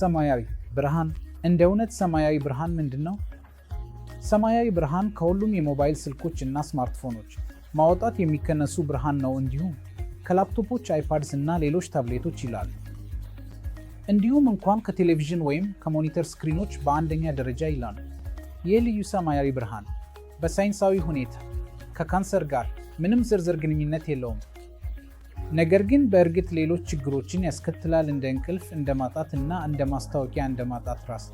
ሰማያዊ ብርሃን እንደ እውነት ሰማያዊ ብርሃን ምንድን ነው? ሰማያዊ ብርሃን ከሁሉም የሞባይል ስልኮች እና ስማርትፎኖች ማውጣት የሚከነሱ ብርሃን ነው። እንዲሁም ከላፕቶፖች፣ አይፓድስ እና ሌሎች ታብሌቶች ይላሉ። እንዲሁም እንኳን ከቴሌቪዥን ወይም ከሞኒተር ስክሪኖች በአንደኛ ደረጃ ይላሉ። ይህ ልዩ ሰማያዊ ብርሃን በሳይንሳዊ ሁኔታ ከካንሰር ጋር ምንም ዝርዝር ግንኙነት የለውም። ነገር ግን በእርግጥ ሌሎች ችግሮችን ያስከትላል፣ እንደ እንቅልፍ እንደ ማጣት እና እንደ ማስታወቂያ እንደ ማጣት ራስ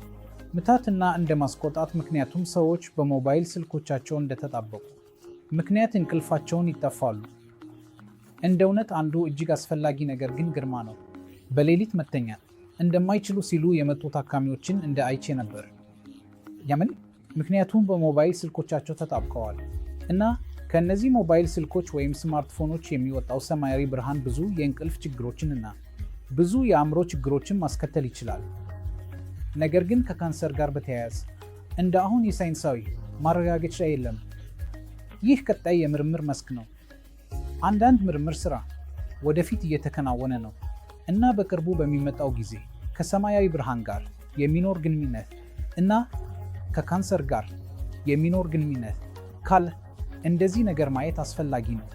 ምታት እና እንደ ማስቆጣት። ምክንያቱም ሰዎች በሞባይል ስልኮቻቸው እንደተጣበቁ ምክንያት እንቅልፋቸውን ይጠፋሉ። እንደ እውነት አንዱ እጅግ አስፈላጊ ነገር ግን ግርማ ነው። በሌሊት መተኛት እንደማይችሉ ሲሉ የመጡ ታካሚዎችን እንደ አይቼ ነበር። ያምን ምክንያቱም በሞባይል ስልኮቻቸው ተጣብቀዋል እና ከእነዚህ ሞባይል ስልኮች ወይም ስማርትፎኖች የሚወጣው ሰማያዊ ብርሃን ብዙ የእንቅልፍ ችግሮችንና ብዙ የአእምሮ ችግሮችን ማስከተል ይችላል። ነገር ግን ከካንሰር ጋር በተያያዝ እንደ አሁን የሳይንሳዊ ማረጋገጫ የለም። ይህ ቀጣይ የምርምር መስክ ነው። አንዳንድ ምርምር ሥራ ወደፊት እየተከናወነ ነው እና በቅርቡ በሚመጣው ጊዜ ከሰማያዊ ብርሃን ጋር የሚኖር ግንኙነት እና ከካንሰር ጋር የሚኖር ግንኙነት ካለ እንደዚህ ነገር ማየት አስፈላጊ ነው።